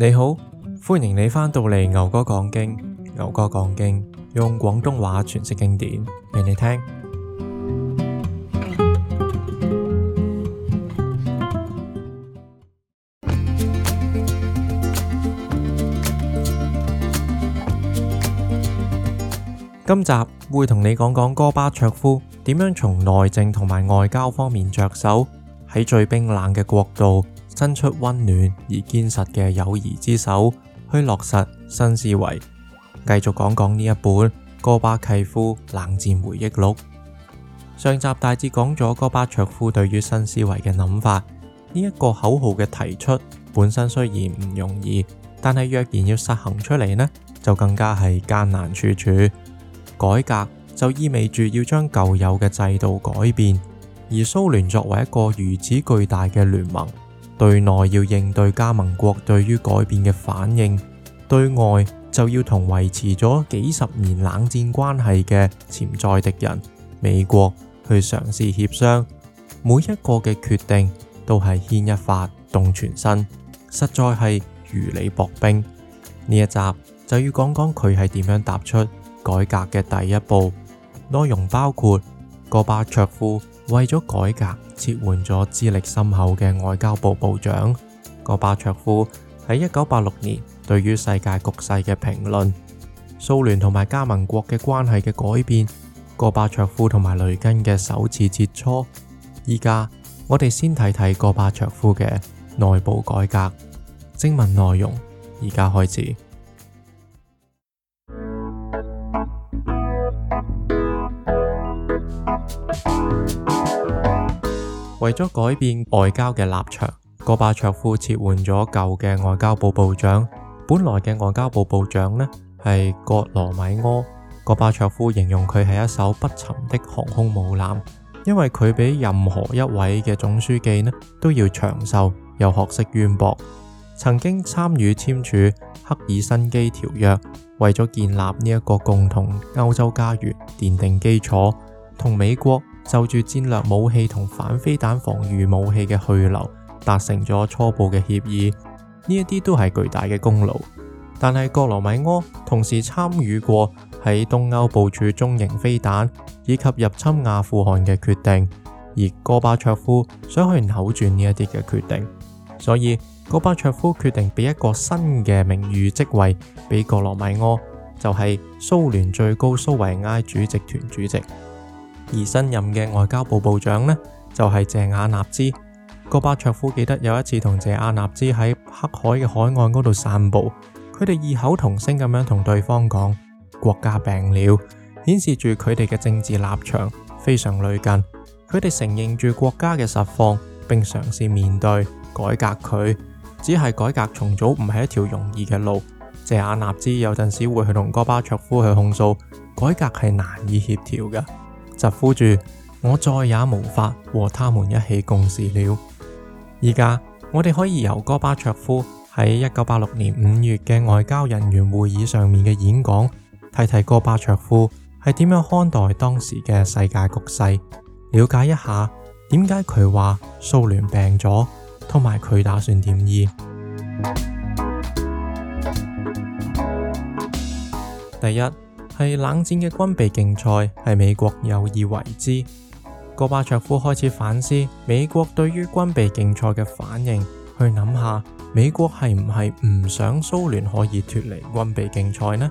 你好，歡迎你翻到嚟牛哥講經。牛哥講經，用廣東話詮釋經典畀你聽。 今集會同你講講戈巴卓夫點樣從內政同埋外交方面着手，喺最冰冷嘅國度。伸出溫暖而堅實嘅友誼之手，去落實新思維。繼續講講呢一本《戈巴契夫冷戰回憶錄》。上集大致講咗戈巴卓夫對於新思維嘅諗法。呢一個口號嘅提出本身雖然唔容易，但係若然要實行出嚟呢，就更加係艱難處處。改革就意味住要將舊有嘅制度改變，而蘇聯作為一個如此巨大嘅聯盟。對內要應對加盟國對於改變嘅反應，對外就要同維持咗幾十年冷戰關係嘅潛在敵人美國去嘗試協商。每一個嘅決定都係牽一髮動全身，實在係如履薄冰。呢一集就要講講佢係點樣踏出改革嘅第一步，內容包括戈巴卓夫。為咗改革，撤換咗資歷深厚嘅外交部部長。戈巴卓夫喺一九八六年對於世界局勢嘅評論，蘇聯同埋加盟國嘅關係嘅改變，戈巴卓夫同埋雷根嘅首次切磋。依家我哋先睇睇戈巴卓夫嘅內部改革。正文內容，而家開始。為咗改變外交嘅立場，戈巴卓夫撤換咗舊嘅外交部部長。本來嘅外交部部長呢係戈羅米柯，戈巴卓夫形容佢係一艘不沉的航空母艦，因為佢比任何一位嘅總書記呢都要長壽又學識淵博。曾經參與簽署《赫爾辛基條約》，為咗建立呢一個共同歐洲家園奠定基礎，同美國。就住戰略武器同反飛彈防御武器嘅去留達成咗初步嘅協議，呢一啲都係巨大嘅功勞。但係哥羅米柯同時參與過喺東歐部署中型飛彈以及入侵阿富汗嘅決定，而戈巴卓夫想去扭轉呢一啲嘅決定，所以戈巴卓夫決定俾一個新嘅名譽職位俾哥羅米柯，就係蘇聯最高蘇維埃主席團主席。而新任嘅外交部部長呢，就係謝雅納茲。戈巴卓夫記得有一次同謝雅納茲喺黑海嘅海岸嗰度散步，佢哋異口同聲咁樣同對方講，國家病了，顯示住佢哋嘅政治立場非常類近。佢哋承認住國家嘅實況，並嘗試面對改革佢，只係改革重組唔係一條容易嘅路。謝雅納茲有陣時會去同戈巴卓夫去控訴改革係難以協調嘅。疾呼住，我再也無法和他們一起共事了。而家我哋可以由戈巴卓夫喺一九八六年五月嘅外交人員會議上面嘅演講，睇睇戈巴卓夫係點樣看待當時嘅世界局勢，了解一下點解佢話蘇聯病咗，同埋佢打算點醫。第一。係冷戰嘅軍備競賽係美國有意為之。戈巴卓夫開始反思美國對於軍備競賽嘅反應，去諗下美國係唔係唔想蘇聯可以脫離軍備競賽呢？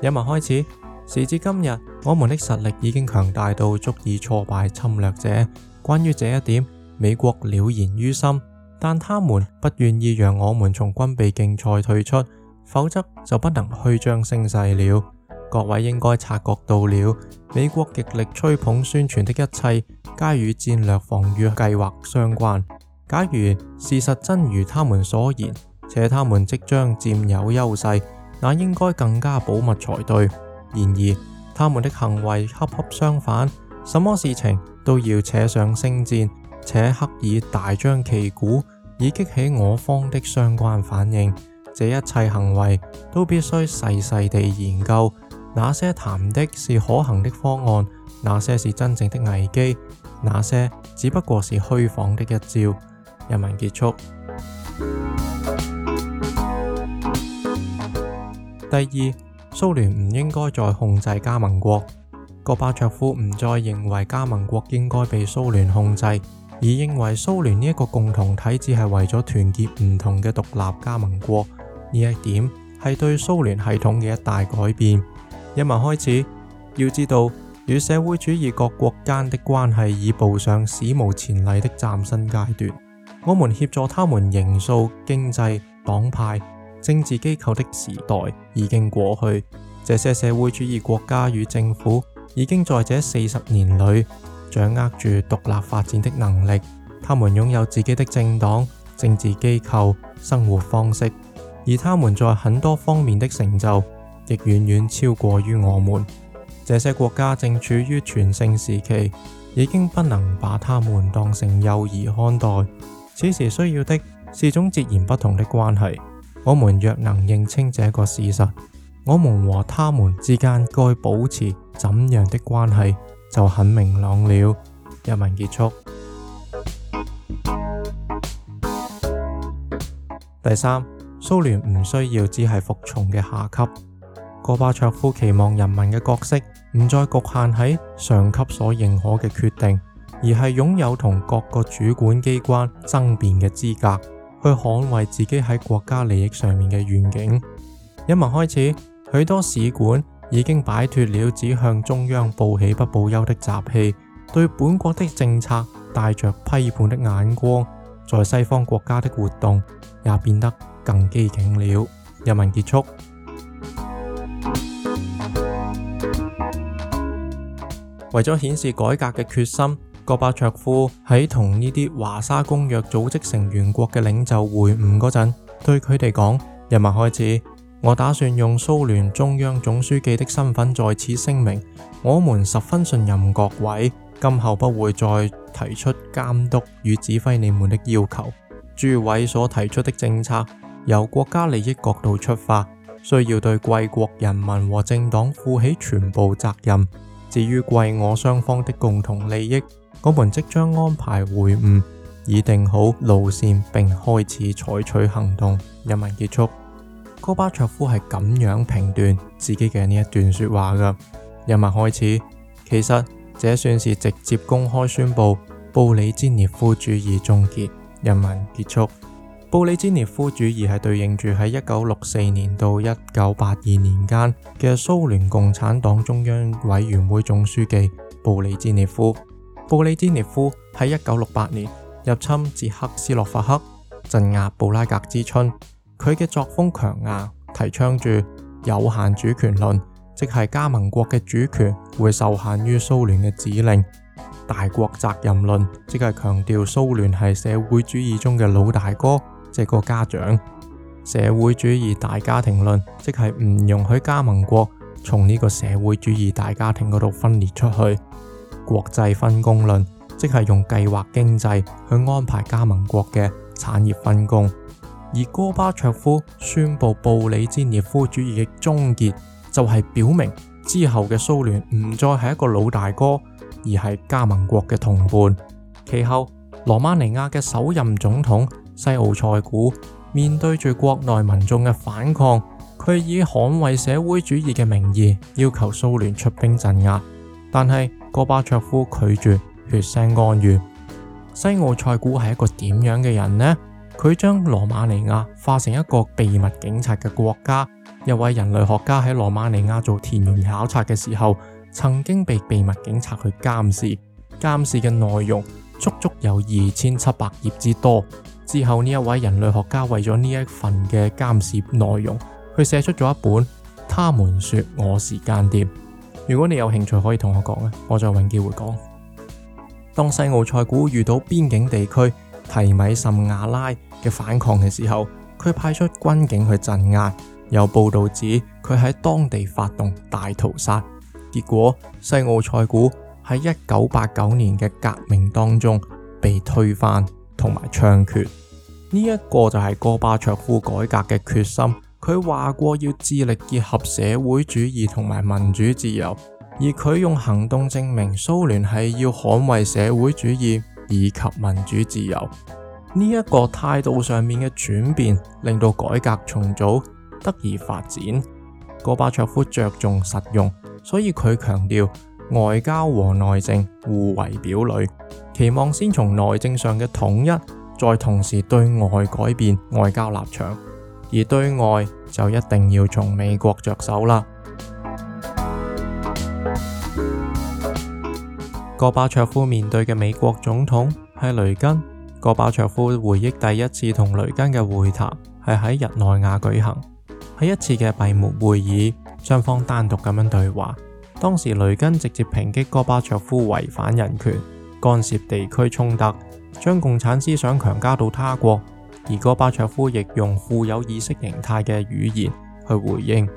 引文開始，時至今日，我們的實力已經強大到足以挫敗侵略者。關於這一點，美國了然於心，但他們不願意讓我們從軍備競賽退出，否則就不能虛張聲勢了。各位應該察覺到了，美國極力吹捧宣傳的一切皆與戰略防御計劃相關。假如事實真如他們所言，且他們即將占有優勢，那應該更加保密才對。然而他們的行為恰恰相反，什麼事情都要扯上星戰，且刻意大張旗鼓，以激起我方的相關反應。這一切行為都必須細細地研究。那些談的是可行的方案，那些是真正的危機，那些只不過是虛晃的一招。人民結束。第二，蘇聯唔應該再控制加盟國。戈巴卓夫唔再認為加盟國應該被蘇聯控制，而認為蘇聯呢一個共同體只係為咗團結唔同嘅獨立加盟國。呢一點係對蘇聯系統嘅一大改變。一文開始，要知道與社會主義各國間的關係已步上史無前例的嶄新階段。我們協助他們人數、經濟、黨派、政治機構的時代已經過去。這些社會主義國家與政府已經在這四十年裏掌握住獨立發展的能力。他們擁有自己的政黨、政治機構、生活方式，而他們在很多方面的成就。亦遠遠超過於我們，這些國家正處於全盛時期，已經不能把他們當成幼兒看待。此時需要的是種截然不同的關係。我們若能認清這個事實，我們和他們之間該保持怎樣的關係就很明朗了。一文結束。 第三，蘇聯唔需要只係服從嘅下級。戈巴卓夫期望人民嘅角色唔再局限喺上級所認可嘅決定，而係擁有同各個主管機關爭辯嘅資格，去捍衛自己喺國家利益上面嘅願景。引文開始，許多使館已經擺脫了指向中央報喜不報憂的習氣，對本國的政策帶着批判的眼光，在西方國家的活動也變得更激進了。引文結束。為咗顯示改革嘅決心，戈巴卓夫喺同呢啲華沙公約組織成員國嘅領袖會晤嗰陣，對佢哋講：任務開始，我打算用蘇聯中央總書記的身份再次聲明，我們十分信任各位，今後不會再提出監督與指揮你們的要求。諸位所提出的政策，由國家利益角度出發，需要對貴國人民和政黨負起全部責任。至於貴我雙方的共同利益，我們即將安排會晤，以定好路線並開始採取行動。人民結束。戈巴卓夫係咁樣評斷自己嘅呢一段說話㗎。人民開始，其實這算是直接公開宣布布里茲涅夫主義終結。人民結束。布里茲涅夫主義係對應住喺一九六四年到一九八二年間嘅蘇聯共產黨中央委員會總書記布里茲涅夫。布里茲涅夫喺一九六八年入侵捷克斯洛伐克，鎮壓布拉格之春。佢嘅作風強硬，提倡住有限主權論，即係加盟國嘅主權會受限於蘇聯嘅指令；大國責任論，即係強調蘇聯係社會主義中嘅老大哥。即係個家長，社會主義大家庭論，即係唔容許加盟國從呢個社會主義大家庭嗰度分裂出去。國際分工論，即係用計劃經濟去安排加盟國嘅產業分工。而戈巴卓夫宣布布里茲涅夫主義嘅終結，就係、是、表明之後嘅蘇聯唔再係一個老大哥，而係加盟國嘅同伴。其後，羅馬尼亞嘅首任總統。西奧塞古面對住國內民眾嘅反抗，佢以捍衛社會主義嘅名義要求蘇聯出兵鎮壓，但係戈巴卓夫拒絕血腥干預。西奧塞古係一個點樣嘅人呢？佢將羅馬尼亞化成一個秘密警察嘅國家。一位人類學家喺羅馬尼亞做田園考察嘅時候，曾經被秘密警察去監視，監視嘅內容足足有二千七百頁之多。之後呢一位人類學家為咗呢一份嘅監視內容，佢寫出咗一本《他們說我是間諜》。如果你有興趣，可以同我講啊，我再搵機會講。當西奧塞古遇到邊境地區提米什瓦拉嘅反抗嘅時候，佢派出軍警去鎮壓，有報道指佢喺當地發動大屠殺。結果西奧塞古喺一九八九年嘅革命當中被推翻。同埋唱決，呢一個就係戈巴卓夫改革嘅決心。佢話過要致力結合社會主義同埋民主自由，而佢用行動證明蘇聯係要捍衛社會主義以及民主自由。呢一個態度上面嘅轉變令到改革重組得以發展。戈巴卓夫着重實用，所以佢強調。外交和內政互為表裏，期望先從內政上嘅統一，再同時對外改變外交立場。而對外就一定要從美國着手啦。戈巴卓夫面對嘅美國總統係雷根。戈巴卓夫回憶第一次同雷根嘅會談係喺日內瓦舉行，喺一次嘅閉幕會議，雙方單獨咁樣對話。當時雷根直接抨擊戈巴卓夫違反人權、干涉地區衝突、將共產思想強加到他國，而戈巴卓夫亦用富有意識形態嘅語言去回應，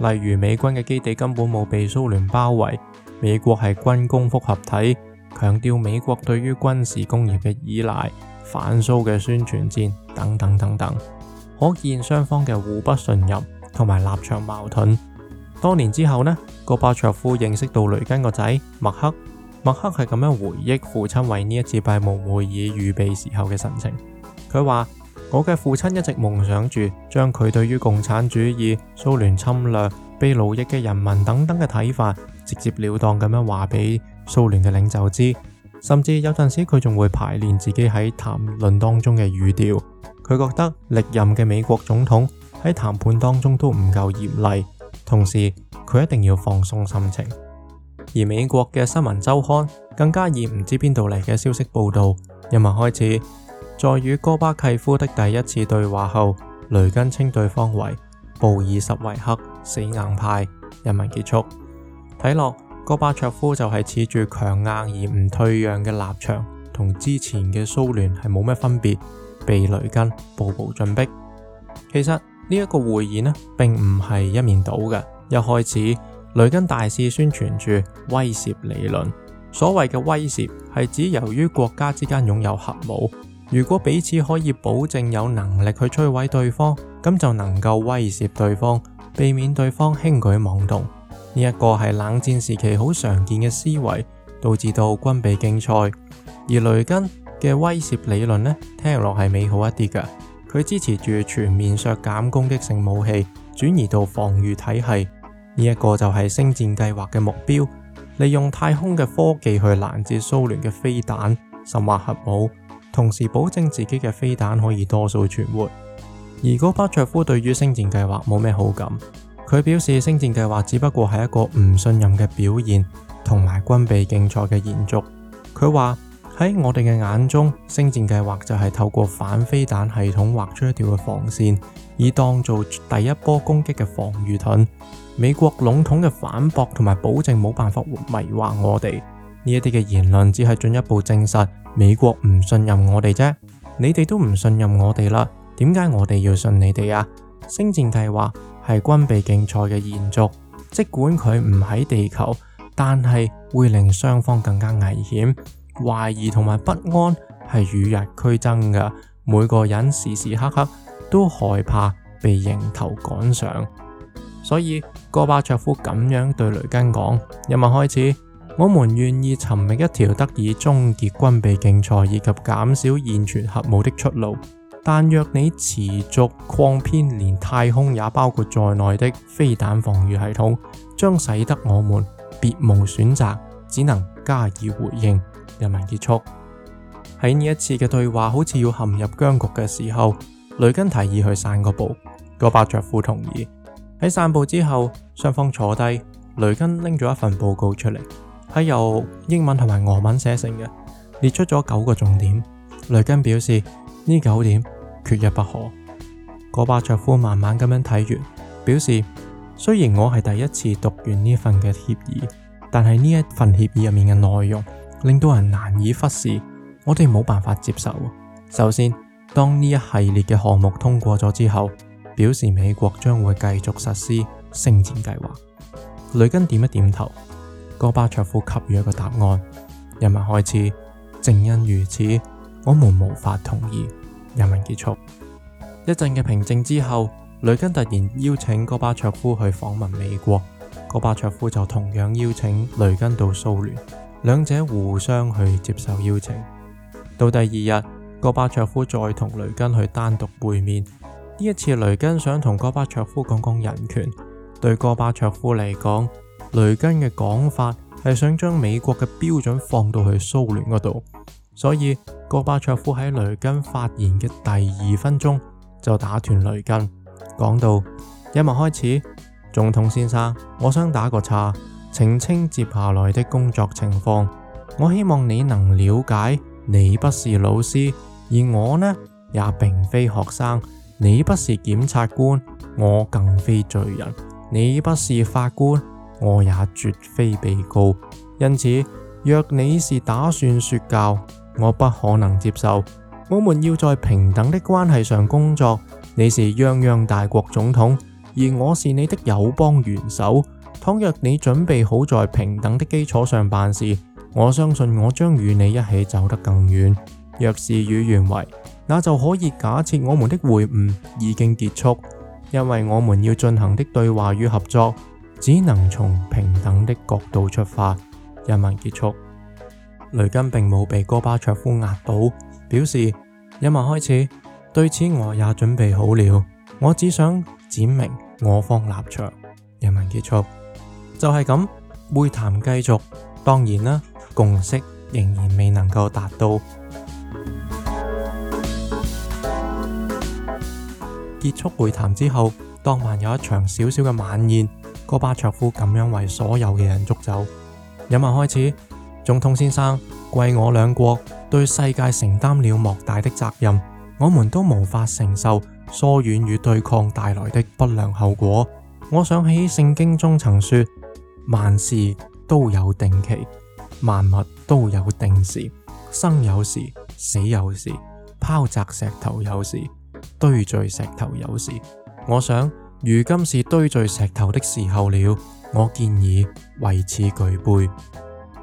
例如美軍嘅基地根本冇被蘇聯包圍，美國係軍工複合體，強調美國對於軍事工業嘅依賴、反蘇嘅宣傳戰等等等等，可見雙方嘅互不信任同埋立場矛盾。多年之後呢，戈巴卓夫認識到雷根個仔麥克。麥克係咁樣回憶父親為呢一次拜會會議預備時候嘅神情。佢話：我嘅父親一直夢想住將佢對於共產主義、蘇聯侵略、被奴役嘅人民等等嘅睇法，直接了當咁樣話俾蘇聯嘅領袖知。甚至有陣時佢仲會排練自己喺談論當中嘅語調。佢覺得歷任嘅美國總統喺談判當中都唔夠嚴厲。同時佢一定要放鬆心情，而美國嘅新聞週刊更加以唔知邊度嚟嘅消息報道。人民開始，在與戈巴契夫的第一次對話後，雷根稱對方為布爾什維克死硬派。人民結束，睇落戈巴卓夫就係恃住強硬而唔退讓嘅立場，同之前嘅蘇聯係冇咩分別，被雷根步步進逼。其實。呢一個會議呢，並唔係一面倒嘅。一開始，雷根大肆宣傳住威懾理論，所謂嘅威懾係指由於國家之間擁有核武，如果彼此可以保證有能力去摧毀對方，咁就能夠威懾對方，避免對方輕舉妄動。呢、這、一個係冷戰時期好常見嘅思維，導致到軍備競賽。而雷根嘅威懾理論呢，聽落係美好一啲嘅。佢支持住全面削減攻擊性武器，轉移到防禦體系。呢、這、一個就係星戰計劃嘅目標，利用太空嘅科技去攔截蘇聯嘅飛彈，甚或核武，同時保證自己嘅飛彈可以多數存活。而戈巴卓夫對於星戰計劃冇咩好感，佢表示星戰計劃只不過係一個唔信任嘅表現，同埋軍備競賽嘅延續。佢話。喺我哋嘅眼中，星戰計劃就係透過反飛彈系統畫出一條嘅防線，以當做第一波攻擊嘅防禦盾。美國籠統嘅反駁同埋保證冇辦法迷惑我哋。呢一啲嘅言論，只係進一步證實美國唔信任我哋啫。你哋都唔信任我哋啦，點解我哋要信你哋啊？星戰計劃係軍備競賽嘅延續，即管佢唔喺地球，但係會令雙方更加危險。懷疑同埋不安係與日俱增嘅，每個人時時刻刻都害怕被迎頭趕上，所以戈巴卓夫咁樣對雷根講：今日開始，我們願意尋覓一條得以終結軍備競賽以及減少現存核武的出路，但若你持續擴編連太空也包括在內的飛彈防禦系統，將使得我們別無選擇，只能加以回應。人民結束喺呢一次嘅對話，好似要陷入僵局嘅時候，雷根提議去散個步。戈巴卓夫同意喺，散步之後，雙方坐低。雷根拎咗一份報告出嚟，係由英文同埋俄文寫成嘅，列出咗九個重點。雷根表示呢九點缺一不可。戈巴卓夫慢慢咁樣睇完，表示雖然我係第一次讀完呢份嘅協議，但係呢一份協議入面嘅內容，令到人難以忽視，我哋冇辦法接受。首先，當呢一系列嘅項目通過咗之後，表示美國將會繼續實施星戰計劃。雷根點一點頭，戈巴卓夫給予一個答案。人民開始，正因如此，我們無,無法同意。人民結束一陣嘅平靜之後，雷根突然邀請戈巴卓夫去訪問美國，戈巴卓夫就同樣邀請雷根到蘇聯。兩者互相去接受邀請。到第二日，戈巴卓夫再同雷根去單獨會面。呢一次，雷根想同戈巴卓夫講講人權。對戈巴卓夫嚟講，雷根嘅講法係想將美國嘅標準放到去蘇聯嗰度。所以，戈巴卓夫喺雷根發言嘅第二分鐘就打斷雷根，講到：一旦開始，總統先生，我想打個岔。澄清接下來的工作情況，我希望你能了解，你不是老師，而我呢也並非學生；你不是檢察官，我更非罪人；你不是法官，我也絕非被告。因此，若你是打算說教，我不可能接受。我們要在平等的關係上工作。你是泱泱大國總統，而我是你的友邦元首。倘若你準備好在平等的基礎上辦事，我相信我將與你一起走得更遠。若事與願違，那就可以假設我們的會晤已經結束，因為我們要進行的對話與合作只能從平等的角度出發。引文結束。雷根並冇被戈巴卓夫壓倒，表示，引文開始。對此我也準備好了，我只想闡明我方立場。引文結束。就係咁，會談繼續，當然啦，共識仍然未能夠達到。結束會談之後，當晚有一場小小嘅晚宴，戈巴卓夫咁樣為所有嘅人祝酒。飲物開始，總統先生，貴我兩國對世界承擔了莫大的責任，我們都無法承受疏遠與對抗帶來的不良後果。我想喺聖經中曾說。萬事都有定期，萬物都有定時。生有時，死有時；拋擲石頭有時，堆聚石頭有時。我想，如今是堆聚石頭的時候了。我建議為此舉杯。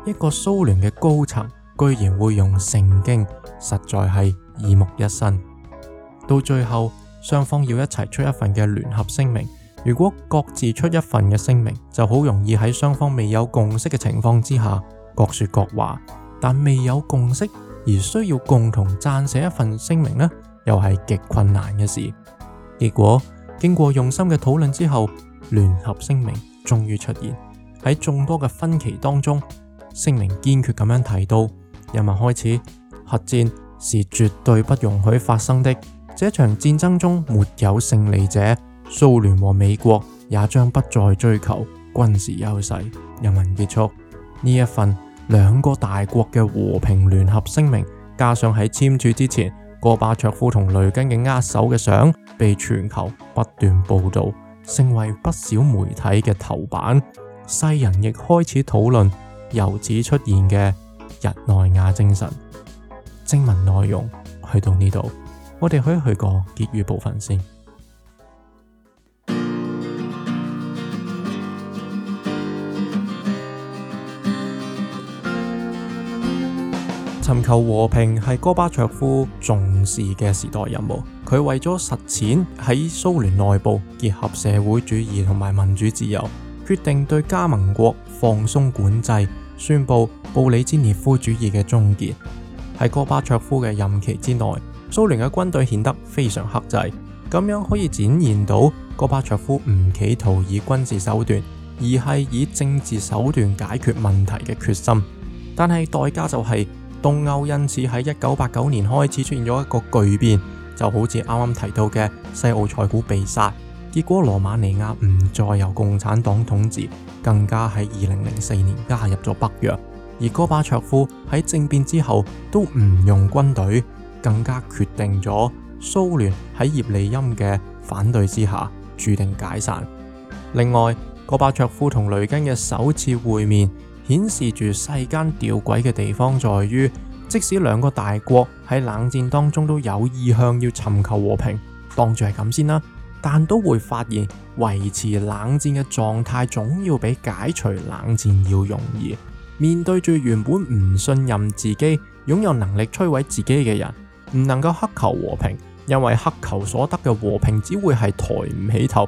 一個蘇聯嘅高層居然會用聖經，實在係耳目一新。到最後，雙方要一齊出一份嘅聯合聲明。如果各自出一份嘅聲明，就好容易喺雙方未有共識嘅情況之下，各說各話。但未有共識而需要共同撰寫一份聲明呢，又係極困難嘅事。結果經過用心嘅討論之後，聯合聲明終於出現喺眾多嘅分歧當中。聲明堅決咁樣提到：人民開始核戰是絕對不容許發生的。這場戰爭中沒有勝利者。蘇聯和美國也將不再追求軍事優勢。人民結束。呢一份兩個大國嘅和平聯合聲明，加上喺簽署之前，戈巴卓夫同雷根嘅握手嘅相，被全球不斷報道，成為不少媒體嘅頭版。世人亦開始討論由此出現嘅日內瓦精神。正文內容去到呢度，我哋可以去個結語部分先。尋求和平係戈巴卓夫重視嘅時代任務。佢為咗實踐喺蘇聯內部結合社會主義同埋民主自由，決定對加盟國放鬆管制，宣布布里茲涅夫主義嘅終結。喺戈巴卓夫嘅任期之內，蘇聯嘅軍隊顯得非常克制，咁樣可以展現到戈巴卓夫唔企圖以軍事手段，而係以政治手段解決問題嘅決心。但係代價就係、是。東歐因此喺一九八九年開始出現咗一個巨變，就好似啱啱提到嘅西奧塞古被殺，結果羅馬尼亞唔再由共產黨統治，更加喺二零零四年加入咗北約。而戈巴卓夫喺政變之後都唔用軍隊，更加決定咗蘇聯喺葉利欽嘅反對之下注定解散。另外，戈巴卓夫同雷根嘅首次會面，顯示住世間弔詭嘅地方在於，即使兩個大國喺冷戰當中都有意向要尋求和平，當住係咁先啦，但都會發現維持冷戰嘅狀態總要比解除冷戰要容易。面對住原本唔信任自己、擁有能力摧毀自己嘅人，唔能夠乞求和平，因為乞求所得嘅和平只會係抬唔起頭。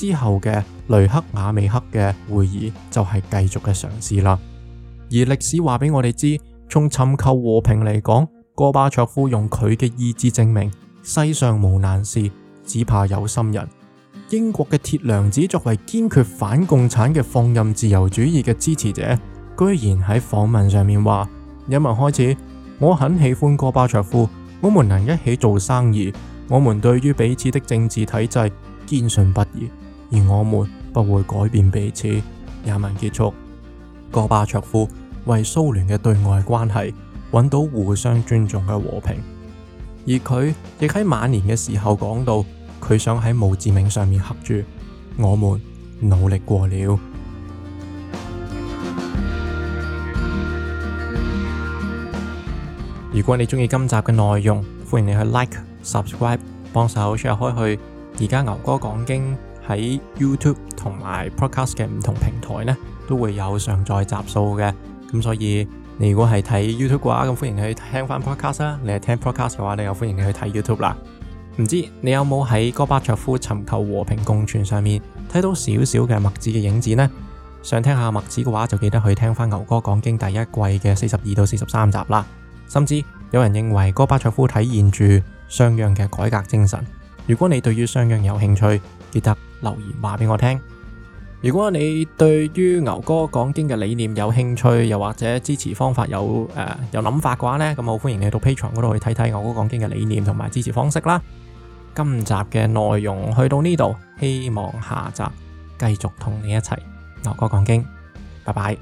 之後嘅雷克雅未克嘅會議就係繼續嘅嘗試啦。而歷史話俾我哋知，從尋求和平嚟講，戈巴卓夫用佢嘅意志證明世上無難事，只怕有心人。英國嘅鐵娘子作為堅決反共產嘅放任自由主義嘅支持者，居然喺訪問上面話：，一文開始，我很喜歡戈巴卓夫，我們能一起做生意，我們對於彼此的政治體制堅信不疑。而我們不會改變彼此，也難結束。戈巴卓夫為蘇聯嘅對外關係揾到互相尊重嘅和平，而佢亦喺晚年嘅時候講到，佢想喺墓誌銘上面刻住：我們努力過了。如果你鍾意今集嘅內容，歡迎你去 like、subscribe，幫手 share 開去。而家牛哥講經。喺 YouTube 同埋 Podcast 嘅唔同平台呢，都會有上載集數嘅。咁所以你如果係睇 YouTube 嘅話，咁歡迎你去聽翻 Podcast 啦。你係聽 Podcast 嘅話，你又歡迎你去睇 YouTube 啦。唔知你有冇喺戈巴卓夫尋求和平共存上面睇到少少嘅墨子嘅影子呢？想聽下墨子嘅話，就記得去聽翻牛哥講經第一季嘅四十二到四十三集啦。甚至有人認為戈巴卓夫體現住商鞅嘅改革精神。如果你對於商鞅有興趣，記得，留言話俾我聽。如果你對於牛哥講經嘅理念有興趣，又或者支持方法有誒、呃、有諗法嘅話呢，咁我歡迎你到 Patreon 嗰度去睇睇牛哥講經嘅理念同埋支持方式啦。今集嘅內容去到呢度，希望下集繼續同你一齊牛哥講經，拜拜。